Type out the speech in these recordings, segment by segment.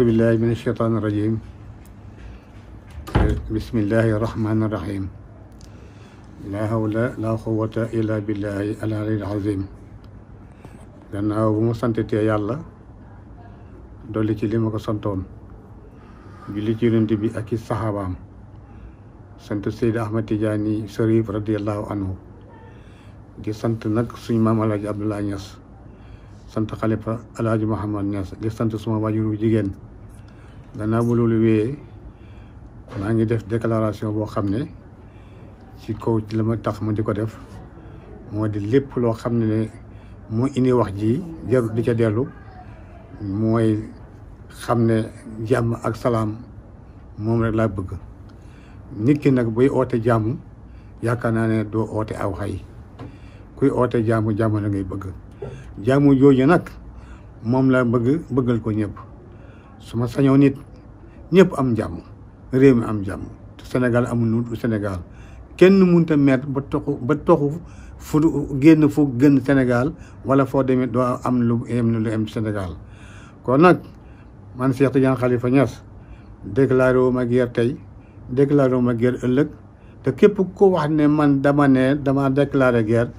أعوذ بالله من الشيطان الرجيم بسم الله الرحمن الرحيم لا حول لا قوة إلا بالله العلي العظيم غناو بما سانتي يالا دولي تي ليماكو سانتون جولي تي يونتي بي اكي صحابام سانت سيد احمد تجاني شريف رضي الله عنه دي سانت نك سوي مام الحاج عبد الله نياس سانت خليفه الحاج محمد نياس دي سانت سوما واجورو جيجن gannaaw bu loolu wéyee maa ngi def déclaration boo xam ne ci kaw ci la ma tax ma di ko def moo di lépp loo xam ne mu indi wax ji jarut di ca dellu mooy xam ne jàmm ak salaam moom rek laa bëgg nit ki nag buy oote jàmm yaakaar naa ne doo oote aw xay kuy oote jàmm jàmm la ngay bëgg jàmm jooju nag moom laa bëgg bëggal ko ñëpp su ma sañoo nit ñëpp am jàmm réew mi am jàmm te Sénégal amul lu Sénégal kenn mënut a ba toxu ba fu génn fu gën Sénégal wala foo demee doo am lu yem lu yem Sénégal kon nag man Cheikh Tidiane Khalifa Niass déclaré wu ma guerre tey déclaré wu ma guerre ëllëg te képp ko wax ne man dama ne dama déclaré guerre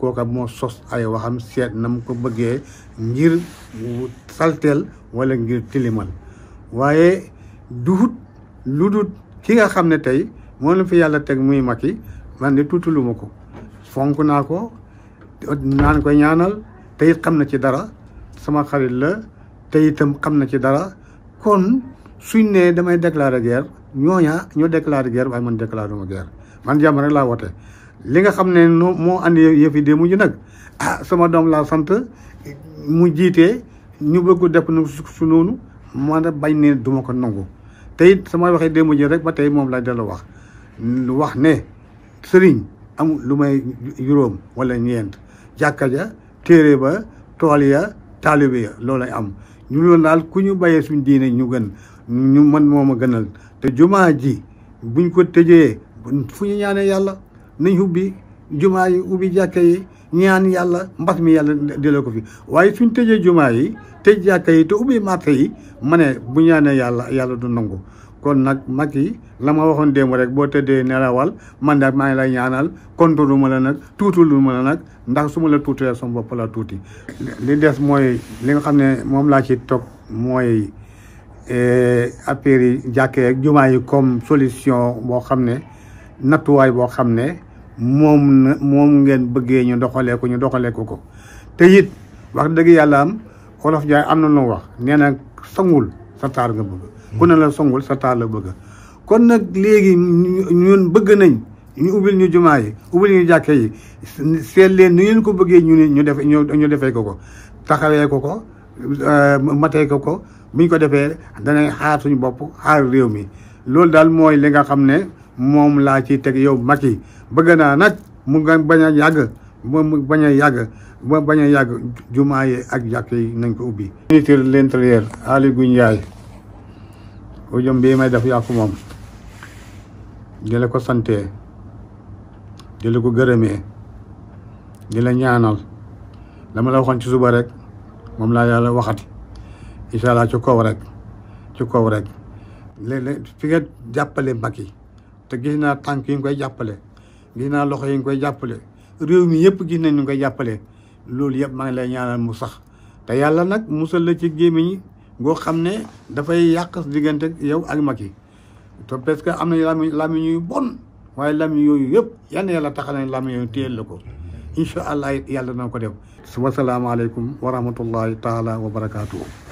kooka moo sos ay waxam seet na mu ko bëggee ngir salteel walla ngir tilimal waaye duut lu dut ki nga xam ne tey moo la fi yàlla teg muy Macky man de tuutuluma ko fonk naa ko naan ko ñaanal te xam na ci dara sama xarit la te itam xam na ci dara kon suñ ne damay déclarer guerre ñooña ñoo déclarer guerre waaye man déclarer ma guerre man jàmm rek laa woote li nga xam ne noo moo andi yëf yi de mujj nag ah sama doom laa sant mu jiitee ñu bëgg def nu su noonu man a bañ ne duma ko nangu te it sama waxee démb ji rek ba tey moom lay delloo wax lu wax ne sëriñ am lu may juróom wala ñeent jàkka ja téere ba tool ya taalibe ya loolu lañ am ñu loolu daal ku ñu bàyyee suñ diine ñu gën ñu man moom a gënal te jumaa ji buñ ko tëjee fu ñu ñaanee yàlla nañ ubbi jumaa yi ubbi jàkka yi ñaan yàlla mbas mi yàlla delloo ko fi waaye suñ tëjee jumaa yi tëj jàkka yi te ubbi marché yi ma ne bu ñaanee yàlla yàlla du nangu kon nag mag yi la waxoon démb rek boo tëddee nelawal man daal maa ngi lay ñaanal kontoonu ma la nag tuutulu ma la nag ndax su ma la tuutee sama tuuti. li des mooy li nga xam ne moom laa ci toog mooy eh, affaire yi jàkkee ak jumaa yi comme solution boo xam ne nattuwaay boo xam ne. moom na moom ngeen bëggee ñu doxalee ko ñu doxalee ko ko te it wax dëgg yàlla am xolof jaay am na lu wax nee na songul sa taar nga bëgg. ku ne la songul sa taar la bëgg. kon nag léegi ñun bëgg nañ ñu ubbil ñu jumaa yi ubbil ñu jàkke yi seet leen ni ngeen ko bëggee ñu ñu def ñu defee ko ko taxawee ko ko euh, matee ko ko buñ ko defee danañ xaar suñu bopp xaar réew mi loolu daal mooy li nga xam ne. moom laa ci teg yow yi bëgg naa nag mu nga bañ a yàgg mu bañ a yàgg mu bañ a yàgg jumaa yi ak jàkk yi nañ ko ubbi ministre de l'intérieur Aly Ngouille Ndiaye ujum bii may def yàqu moom di la ko sante di la ko gërëmee di la ñaanal dama la waxoon ci suba rek moom laa yàlla waxati incha allah ci kaw rek ci kaw rek léeg-léeg fi nga jàppale Macky te gis naa tànk yi nga koy jàppale gis naa loxo yi nga koy jàppale réew mi yëpp gis nañ ñu koy jàppale loolu yëpp maa ngi lay ñaanal mu sax te yàlla nag musal la ci gémmiñ goo xam ne dafay yàq diggante yow ak mag yi te parce que am na làmmiñ làmmiñ yu bon waaye làmmiñ yooyu yëpp yan yàlla taxal nañ làmmiñ la ko incha allah yàlla na ko def. wasalaamaaleykum wa rahmatullahi taala wa barakaatu.